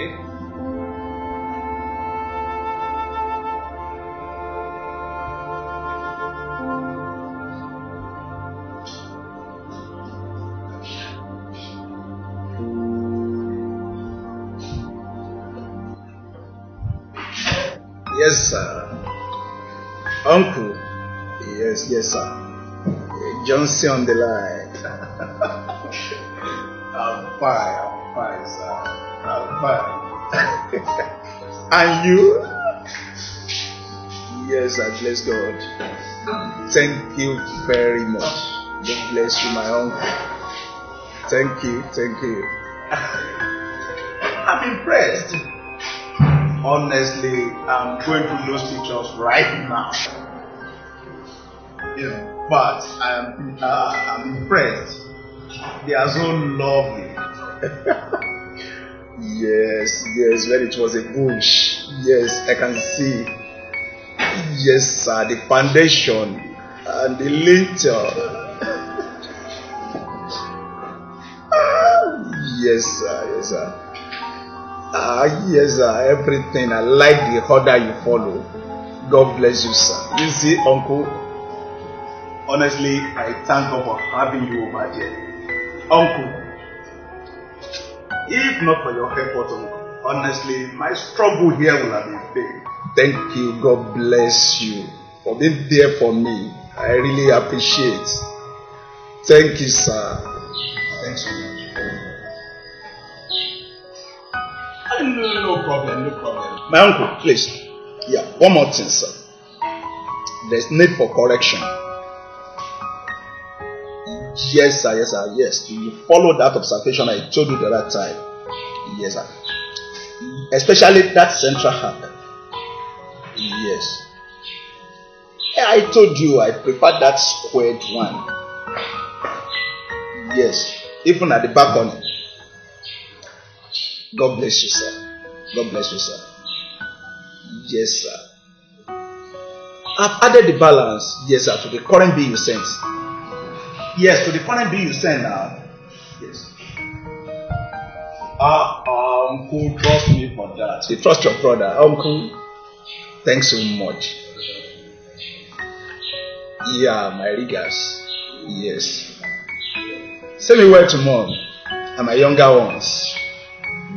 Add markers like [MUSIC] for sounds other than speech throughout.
Yes, sir. Uncle. Yes, yes, sir. Johnson on the line. [LAUGHS] I'm fine, I'm fine, sir. I'm fine and [LAUGHS] you? Yes, I bless God. Thank you very much. God bless you, my uncle. Thank you, thank you. [LAUGHS] I'm impressed. Honestly, I'm going to lose pictures right now. Yeah, but I'm, uh, I'm impressed. They are so lovely. [LAUGHS] Yes, yes, when it was a bush. Yes, I can see. Yes, sir, the foundation and the lintel. [LAUGHS] yes, sir, yes, sir. Ah, yes, sir, everything. I like the order you follow. God bless you, sir. You see, Uncle, honestly, I thank God for having you over here. Uncle, If not for your help, oh, honestly, my struggle here will have been big. Thank you. God bless you for being there for me. I really appreciate. Thank you, sir. Thanks so much. Ah, no, no problem, no problem. My uncle, please. Yeah, one more thing, sir. There's need for correction. Yes, sir. Yes, sir. Yes. You follow that observation I told you the right time. Yes, sir. Especially that central heart. Yes. I told you I prefer that squared one. Yes. Even at the back on it. God bless you, sir. God bless you, sir. Yes, sir. I've added the balance, yes, sir, to the current being you sense. Yes, to the point B you send now. Yes. Ah, uh, um, uncle, trust me for that. You trust your brother, uncle. Thanks so much. Yeah, my regards. Yes. Send me well to mom and my younger ones.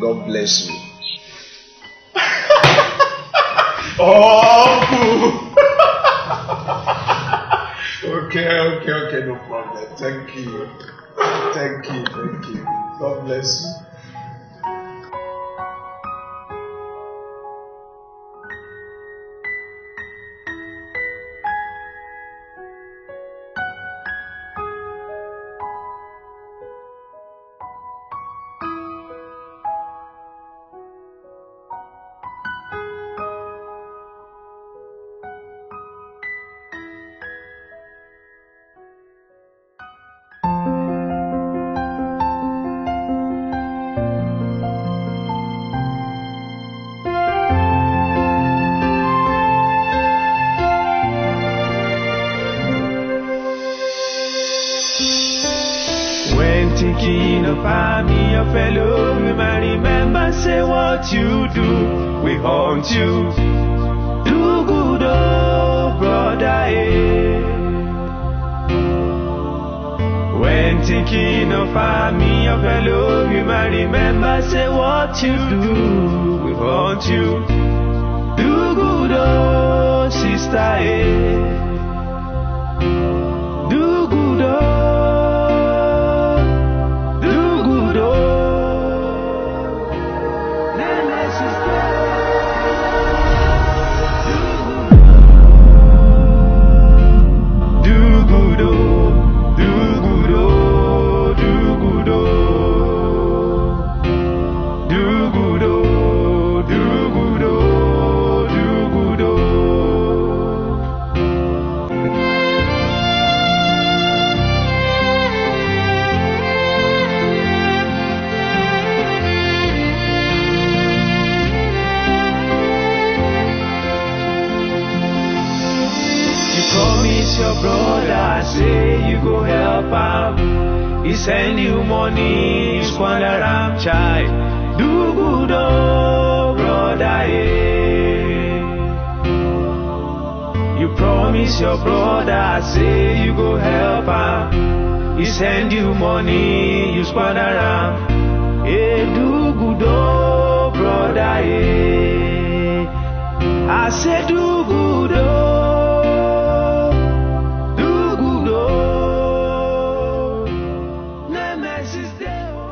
God bless you. [LAUGHS] Oh, uncle. Okay, okay, okay, no problem. Thank you. Thank you, thank you. God bless you. don't you se dugudo dugudo nemesis deo.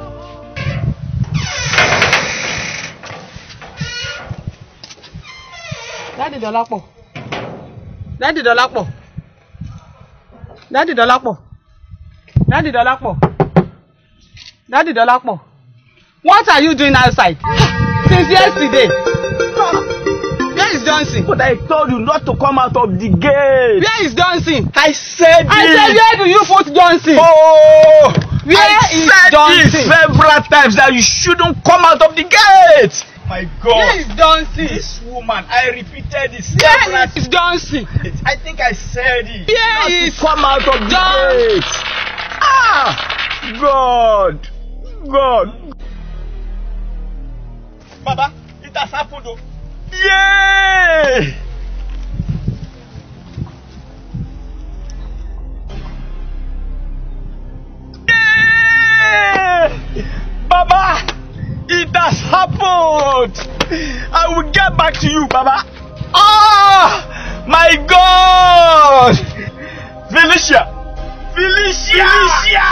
dáàdì dọ́lápọ̀ dáàdì dọ́lápọ̀ dáàdì dọ́lápọ̀ dáàdì dọ́lápọ̀ dáàdì dọ́lápọ̀ what are you doing outside [LAUGHS] since yesterday is But I told you not to come out of the gate. Where is dancing? I said I it. said where do you put dancing? Oh! Where I is said Johnson? it several times that you shouldn't come out of the gate. My God. Where is dancing? This woman, I repeated it several times. Where is dancing? I think I said it. Where not is to come out of the gate. Ah! God. God. Baba, it has happened though. Yay! Yay! Baba, it has happened. I will get back to you, Baba. oh, my God! Felicia! Felicia! Felicia!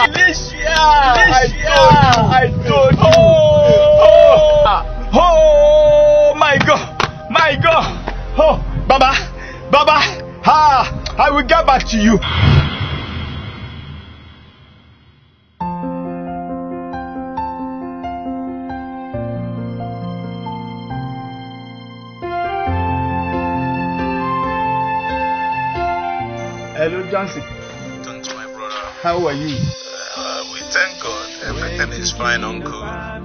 Felicia! Felicia! Felicia! I told you! I told you! I will get back to you. Hello, Johnson. Thanks, my brother. How are you? Uh, we thank God. Everything is fine, Uncle.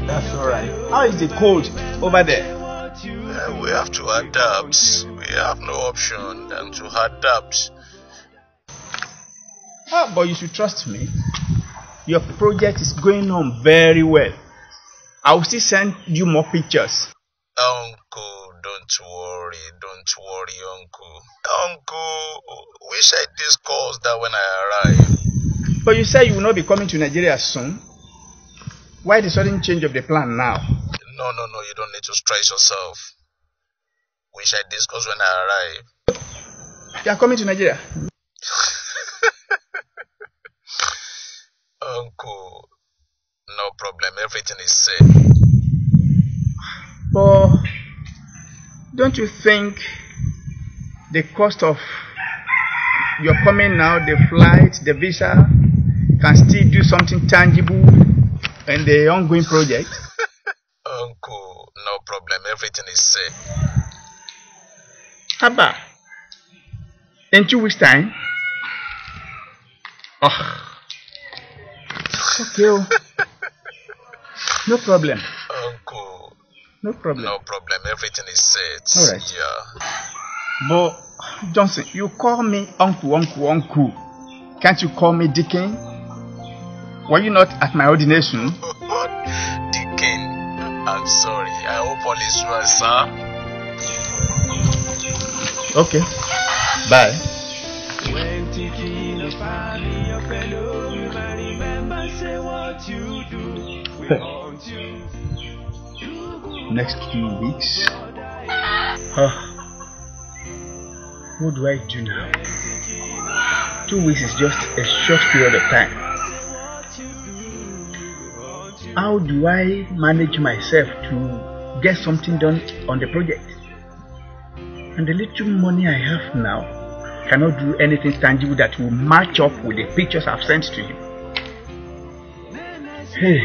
That's all right. How is the cold over there? Uh, we have to adapt. You have no option than to adapt. Ah, but you should trust me. Your project is going on very well. I will still send you more pictures. Uncle, don't worry, don't worry, Uncle. Uncle, we said this calls that when I arrive. But you said you will not be coming to Nigeria soon. Why the sudden change of the plan now? No, no, no, you don't need to stress yourself. We shall discuss when I arrive. You are coming to Nigeria? [LAUGHS] Uncle, no problem. Everything is safe. But don't you think the cost of your coming now, the flight, the visa, can still do something tangible in the ongoing project? [LAUGHS] Uncle, no problem. Everything is safe. Abba, in two weeks' time. Oh. Okay. no problem. Uncle. No problem. No problem. Everything is set. All right. Yeah. But, Johnson, you call me uncle, uncle, uncle. Can't you call me Deacon? Were you not at my ordination? [LAUGHS] Deacon, I'm sorry. I hope all is well, sir. Okay. Bye. Next few weeks. Huh. What do I do now? Two weeks is just a short period of time. How do I manage myself to get something done on the project? and the little money I have now cannot do anything tangible that will match up with the pictures I've sent to you. Hey,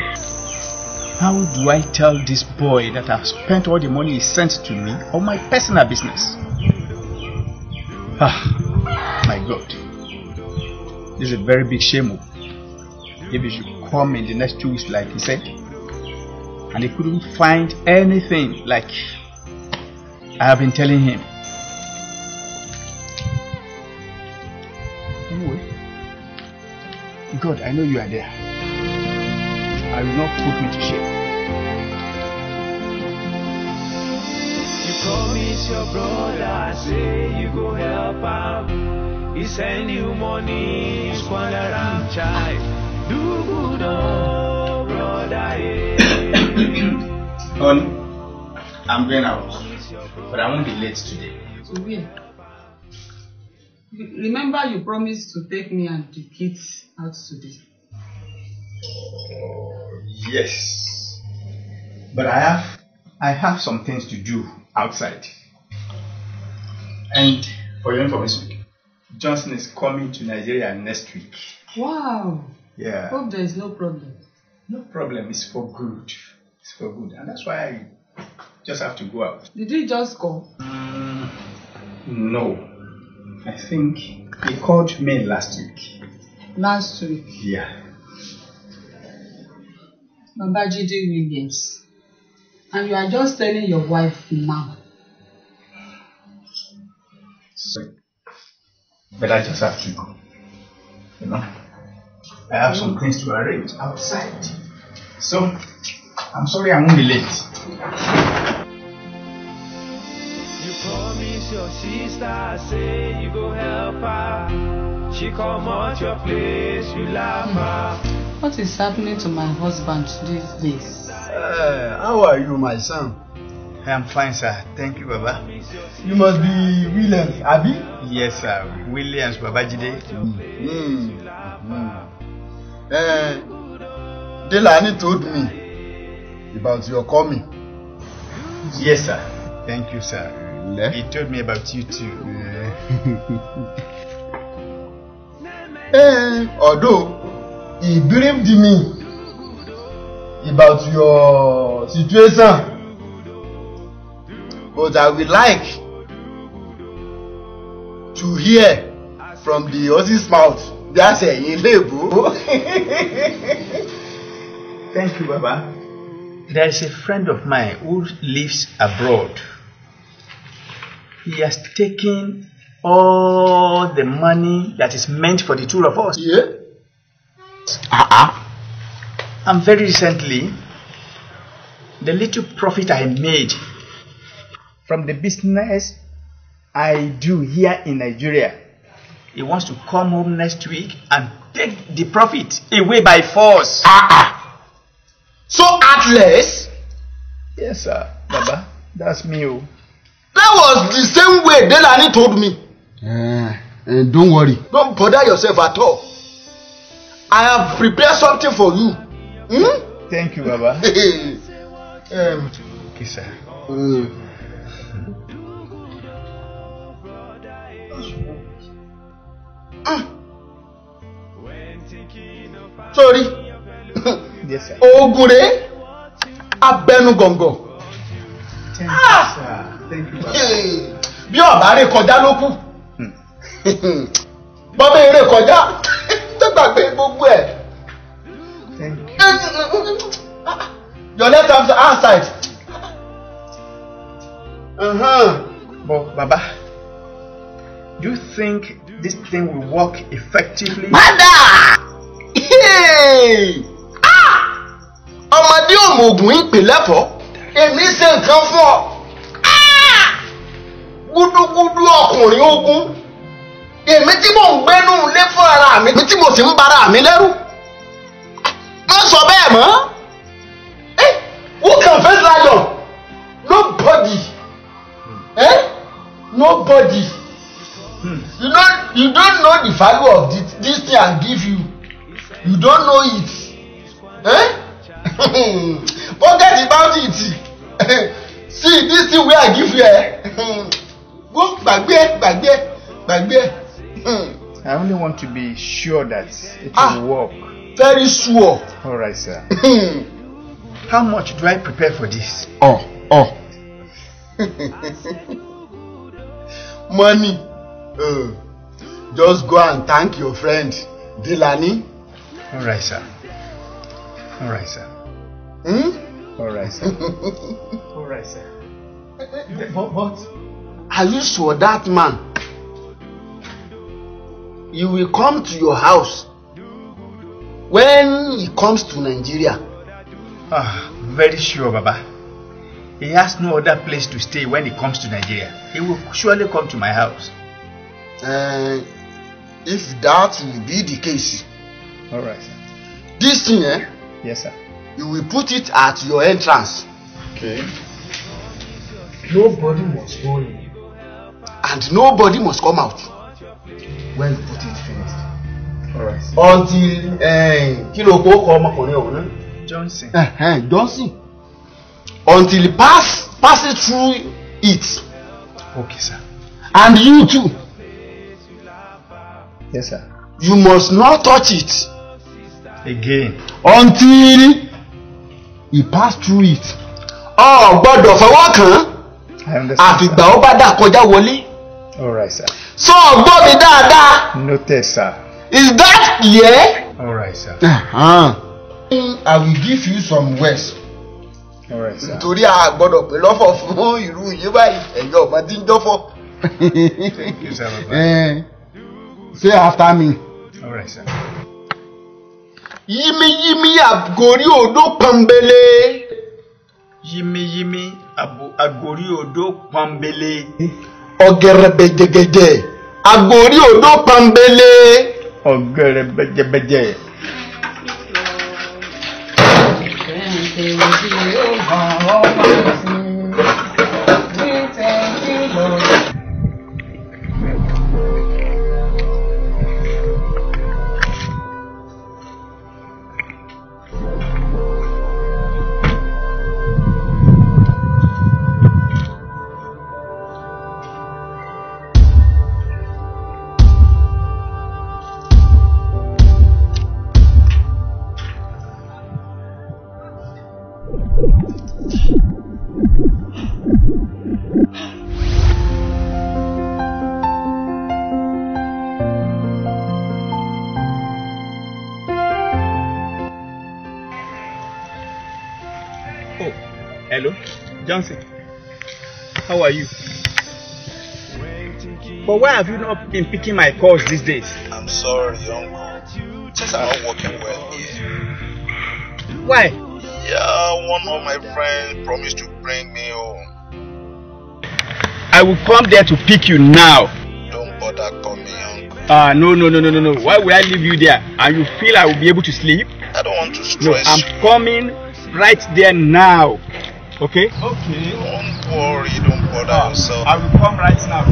how do I tell this boy that I've spent all the money he sent to me on my personal business? Ah, my God. This is a very big shame. If oh. he should come in the next two weeks, like he said, and he couldn't find anything like I have been telling him. Lord, I know you are there. I will not put me to shame. You promise your brother, say you go help him. He send you money, squander him, child. Do good, oh, brother. Eh. [COUGHS] On, I'm going out, but I won't be late today. Where? remember you promised to take me and the kids out today. Oh, yes. But I have I have some things to do outside. And for your information, Johnson is coming to Nigeria next week. Wow. Yeah. Hope there is no problem. No problem. It's for good. It's for good. And that's why I just have to go out. Did he just call? Mm, no. I think he called me last week. Last week? Yeah. Babajide Williams. And you are just telling your wife now. Sorry. But I just have to go. You know? I have some things to arrange outside. So, I'm sorry I won't be late. your sister, say you go help her. She come out your place, you e laugh her. What is happening to my husband these days? Uh, how are you, my son? I am fine, sir. Thank you, Baba. You must be Williams, Abi? Yes, sir. Williams Babajide. Mm. Mm. Mm. Uh, Delani told me about your coming. Yes, sir. Thank you, sir. Pẹ̀lẹ́. He told me about you too. Hey, [LAUGHS] eh, although he briefed me about your situation, but I would like to hear from the horse's mouth. That's a [LAUGHS] label. Thank you, Baba. There is a friend of mine who lives abroad. He has taken all the money that is meant for the two of us. Yeah. Uh-uh. And very recently, the little profit I made from the business I do here in Nigeria, he wants to come home next week and take the profit away by force. Uh-uh. So, at least. Yes, sir, Baba. That's me. Oh. That was the same way Delani told me. Uh, uh, don't worry. Don't bother yourself at all. I have prepared something for you. Hmm? Thank you, Baba. [LAUGHS] um, okay, sir. Uh, sórí [COUGHS] Ah. rèé abẹnugọ̀ngọ̀ bí ọba rè kọjá ló kù bọ́bá eré kọjá tó gbàgbé gbogbo ẹ̀ your left hand hand side. Uh-huh. But Baba, do you think this thing will work effectively? Padà! Ah! Ọmọdé òmùgùn ìpè lẹ́fọ̀ọ́, èmi ṣe nǹkan fún ọ gúdúgúdú ọkùnrin ogun èmi tí mò ń gbénú lé fún ara mi tí mo sì ń bara mi lẹ́rù má sọ bẹ́ẹ̀ mọ́ ẹ eh, who can face lion nobody ẹ eh? nobody you don't you don't know the value of this, this thing I give you you don't know it eh? forget about it see this thing wey I give you eh? [LAUGHS] Go gbàgbé ẹ gbàgbé ẹ gbàgbé hmm. I only want to be sure that it ah, will work. Very sure. All right, sir. Hmm. How much do I prepare for this? Oh, oh. [LAUGHS] Money. Uh, just go and thank your friend, Delaney. All right, sir. All right, sir. Hmm? All right, sir. [LAUGHS] All right, sir. But, but Are you sure that man? He will come to your house when he comes to Nigeria. Ah, very sure, Baba. He has no other place to stay when he comes to Nigeria. He will surely come to my house. Uh, if that will be the case. All right, This thing, eh? Yes, sir. You will put it at your entrance. Okay. Nobody was go in and nobody must come out. when the put it finished. Alright. until eh, kí ló ko kọ ọmọkùnrin ọ̀hún náà. johnson. Eh, eh, johnson until pass pass it through it. okay sir. and you too. yes sir. you must not touch it. again. until he pass through it. o gbọ́dọ̀ fọwọ́ kàn án àfìgbà ó bá dà kọjá wọlé. All right, sir. So, gbọ́ mi dáadáa. Noted, sir. Is that clear? All right, sir. Uh-huh. I will give you some words. All right, sir. Nítorí a gbọ́dọ̀ pé lọ́fọ̀ fún ìlú yìí báyìí ẹ̀yọ́ ọ̀mọ tí ń dọ́fọ̀. Thank you, sir. Uh, say after me. All right, sir. Yímíyímí àgórí odó pọ́nbélé. Yímíyímí àgórí odó pọ́nbélé. Eh? ọ̀gẹ̀rẹ̀ bẹjẹgẹjẹ agbórí odó pambélé. ọ̀gẹ̀rẹ̀ bẹjẹbẹjẹ. ọ̀gẹ̀rẹ̀ bẹjẹbẹjẹ. Johnson, how are you? But why have you not been picking my calls these days? I'm sorry, uncle. Things are not working well here. Why? Yeah, one of my friends promised to bring me home. I will come there to pick you now. Don't bother coming, uncle. Ah, uh, no, no, no, no, no, no. Why would I leave you there? And you feel I will be able to sleep? I don't want to stress. No, I'm coming right there now. Okay? Okay. Don't worry, don't bother yourself. I will come right now.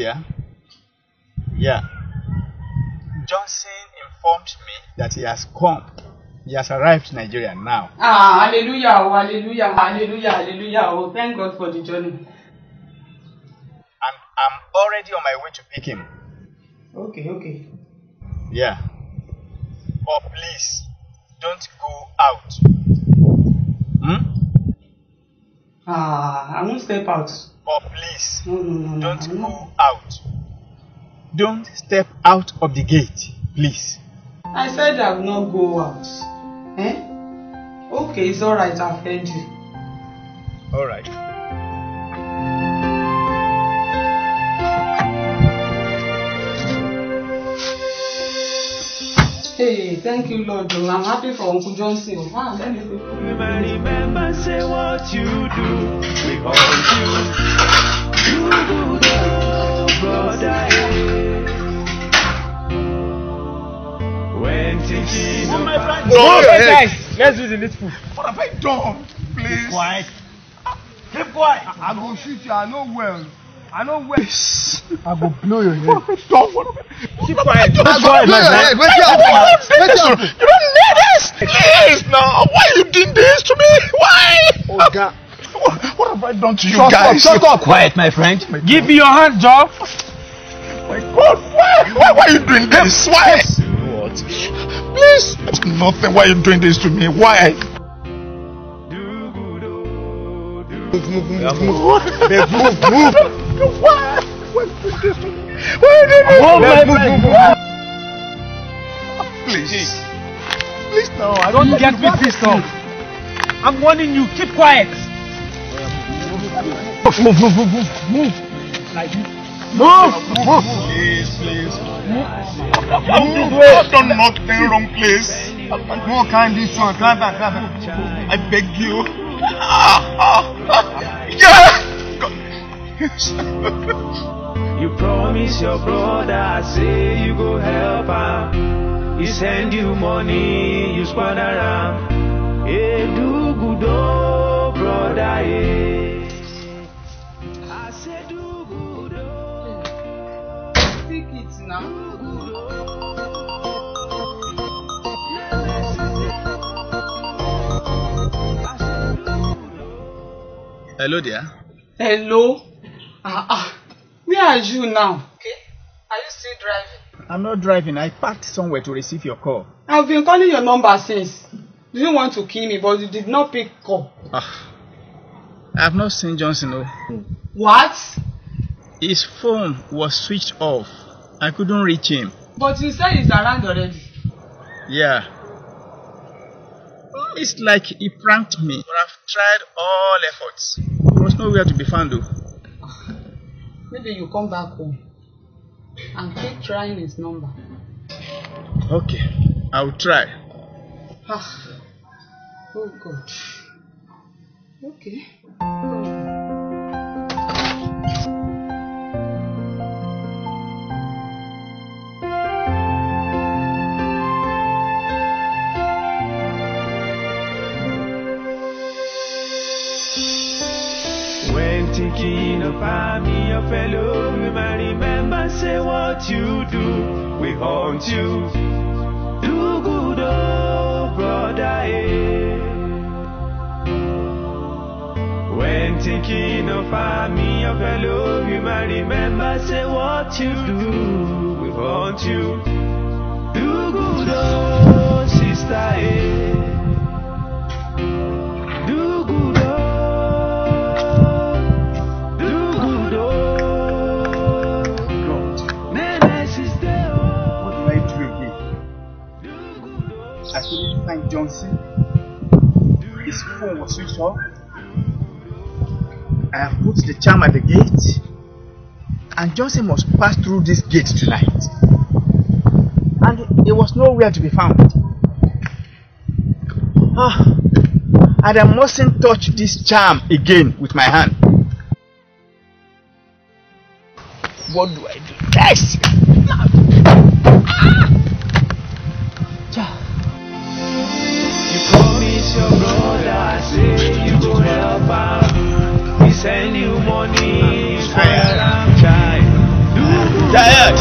there? Yeah. Johnson informed me that he has come. He has arrived to Nigeria now. Ah, hallelujah, oh, hallelujah, oh, hallelujah, hallelujah. Oh, thank God for the journey. I'm I'm already on my way to pick him. Okay, okay. Yeah. But please, don't go out. Hmm? Ah, I won't step out or please don't go out. Don't step out of the gate, please. I said I will not go out. Eh? Okay, it's alright, I've heard you. Alright. Hey, thank you, Lord. I'm happy for Uncle Johnson. Wow, let me remember, say what you do because you, you do the brother. When teaching, oh my friend, oh, guys, let's do the little. food. What have I done? Please, Keep quiet. Ah, keep quiet. I, I will shoot you. I know well. I know where. I will blow your head. Don't want to. Keep quiet. Keep quiet. Blow your head. Wait, wait, wait, wait, wait, wait. You don't need this. Please, now. Why are you doing this to me? Why? Oh, God. What, have I done to you shut guys? Up, shut up. Quiet, my friend. My Give me your hand, Job. my God, why? Why, why are you doing this? Why? What? Please. Nothing. Why are you doing this to me? Why? Move, move, move, move. move, move. Why? Why did this? Why did this? Oh my God! Please, please no! I don't get me pissed off. I'm warning you. Keep quiet. Move, move, move, move, move. Like this. Move, move. Please, please. Move. move, I've done nothing wrong, please. No, can't this one. Climb back, climb back. I beg you. [LAUGHS] Ah, ah, ah. Yeah. years. [LAUGHS] you promise your brother, say you go help him. He send you money, you squander him. Hey, do good, oh, brother, hey. I say do good, oh. Take oh. oh. Hello there. Hello. Ah, ah. Where are you now? Okay. Are you still driving? I'm not driving. I parked somewhere to receive your call. I've been calling your number since. You didn't want to kill me, but you did not pick up. Ah. I've not seen Johnson, no. Oh. What? His phone was switched off. I couldn't reach him. But you said he's around already. Yeah. It's like he pranked me, but I've tried all efforts. There was nowhere to be found, though. Maybe you come back home and keep trying his number. Okay, I'll try. Ah. Oh God. Okay. When thinking about me your fellow human. Remember, say what you do, we haunt you. Do good, oh brother. Eh. When thinking of me, your fellow human, remember, say what you do, we haunt you. Do good, oh sister. Eh? Johnson. His phone was switched off. I have put the charm at the gate, and Johnson must pass through this gate tonight. And he was nowhere to be found. Ah, and I mustn't touch this charm again with my hand. What do I do? Yes! bless send you money for your lamb child. Do tired.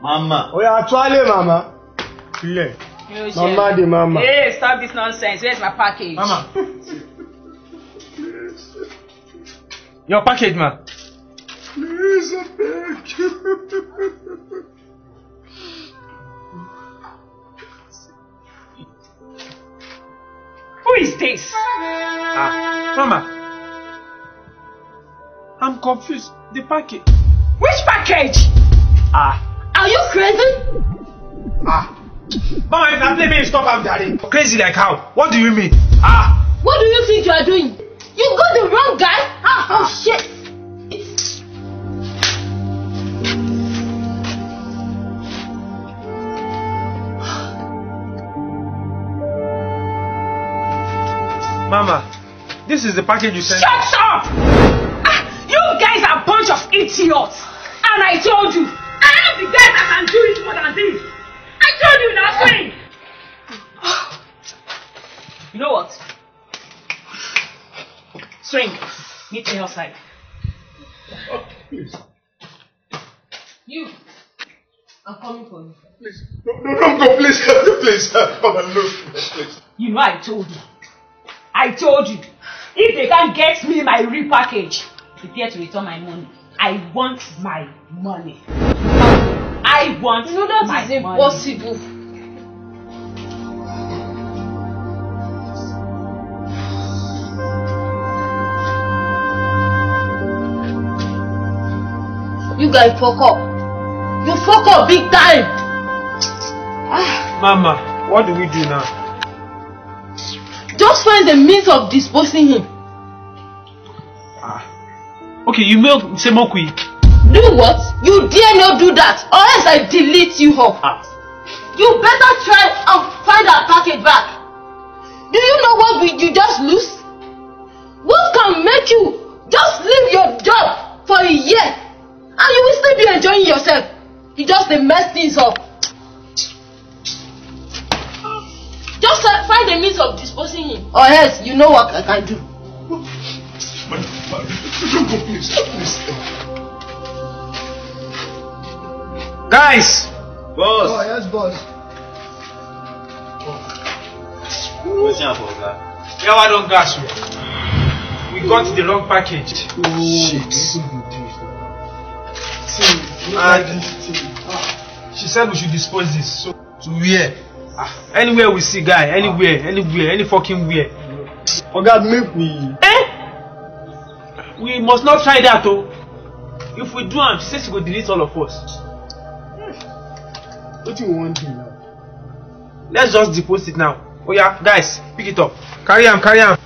Mama. Oya oh, atuale mama. Ile. Mama de mama. Hey, stop this nonsense. Where's my package? Mama. [LAUGHS] Your package, ma is a big. Who is this? Ah, Mama. I'm confused. The package. Which package? Ah. Are you crazy? Ah. Mama, if I play me, stop I'm Daddy. Crazy like how? What do you mean? Ah. What do you think you are doing? You got the wrong guy? Ah, oh shit. Mama, this is the package you sent. Shut up! Ah, you guys are a bunch of idiots. And I told you, I am the guy that can do it more than this. I told you nothing. [SIGHS] You know what? Swing, meet me outside. Okay, please. You, I'm coming for you. Please, no, no, no, go, [LAUGHS] please, please, come and look, please. You know I told you. I told you. If they can't get me my repackage, prepare to return my money. I want my money. I want my money. no, that is impossible. money. You guys fuck up. You fuck up big time. Mama, what do we do now? Just find the means of disposing him. Ah. Okay, you may say more quick. Do what? You dare not do that, or else I delete you off. Ah. You better try and find our packet back. Do you know what we, you just lose? What can make you just leave your job for a year and you will still be enjoying yourself? You just mess things up. Just uh, find a means of disposing him. Or oh, else, you know what I can do. Madam, go, please, please. Guys! Boss! Oh, yes, boss. What's your boss, Yeah, why don't gas we? We got the wrong package. Oh, shit. And she said we should dispose this. So, to where? Ah, anywhere we see guy anywhere anywhere any fucking where. oga make we. eh we must not try that o oh. if we do am she say she go delete all of us. wetin we wan do now. let's just deposit now oya oh, yeah, guys pick it up carry am carry am.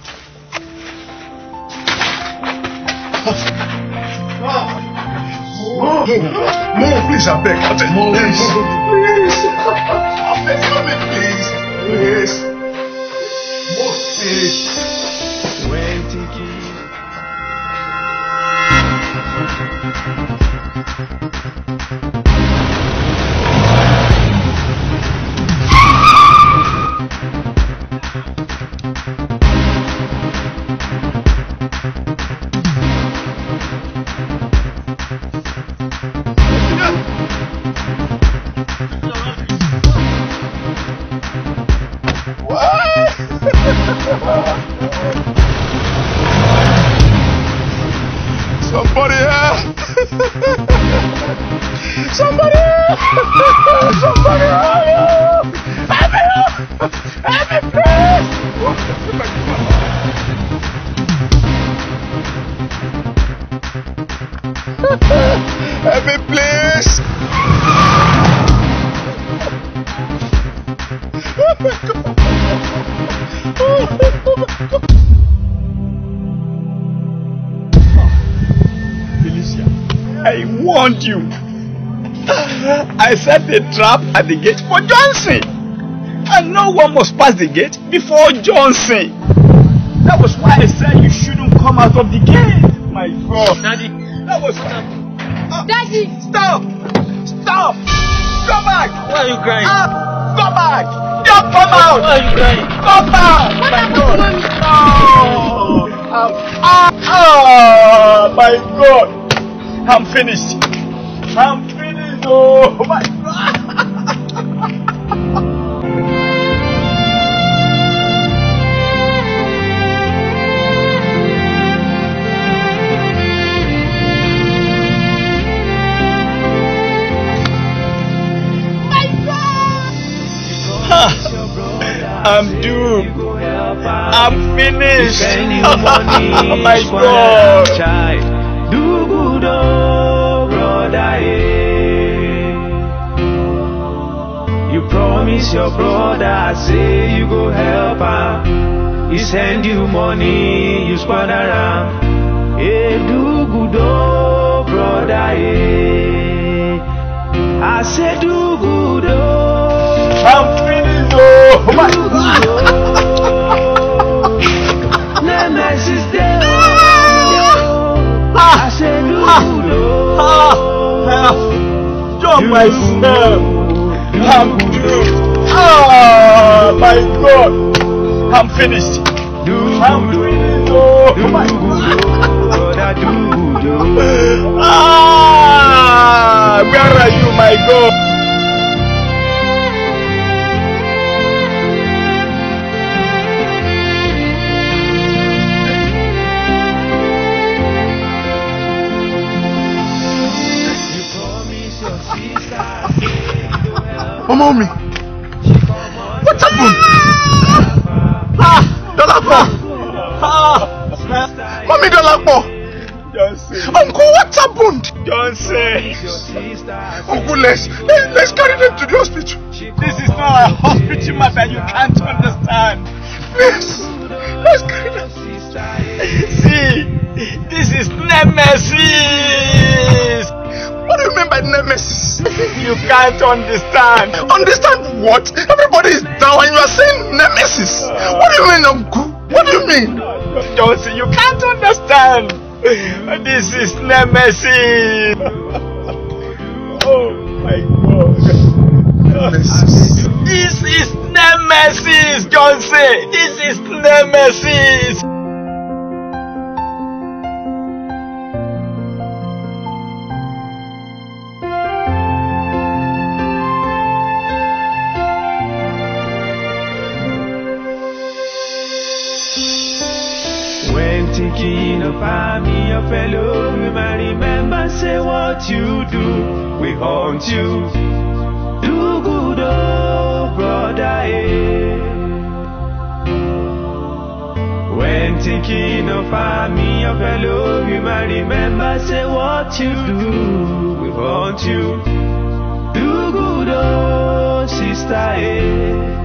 Move, please, I beg. Move, please. Thank you. a trap at the gate for Johnson. And no one must pass the gate before Johnson. That was why I said you shouldn't come out of the gate, my God. Daddy. That was why. Uh, ah, Daddy. Stop. Stop. Come back. Why are you crying? Up. Ah, go back. Don't come out. Why are you crying? Come back. What my God. Mommy? No. ah, ah, my God. I'm finished. I'm finished. Oh, my God. I'm doomed. I'm finished. [LAUGHS] oh my God. You promise your brother, say you go help him. He send you money, you squander him. Hey, do good, oh, brother. Hey. I say do good. myself. I'm through. Ah, my God. I'm finished. I'm finished. Oh, my God. ah, where are you, my God? ọmọ mi what happened ah Dọlápọ̀ ah mọ́mí Dọlápọ̀ uncle what happened Johnson uncle let's let's carry them to the hospital this is not a hospital matter you can't turn. you can't understand. Understand what? Everybody is down and you are saying nemesis. What do you mean, Uncle? What do you mean? Josie, you can't understand. This is nemesis. oh my God. Nemesis. This is nemesis, Josie. This is nemesis. that you do, we haunt you. Do good, oh brother. Eh? When thinking of me, your fellow human, remember, say what you do, we haunt you. Eh. Eh, do good, oh sister. Eh?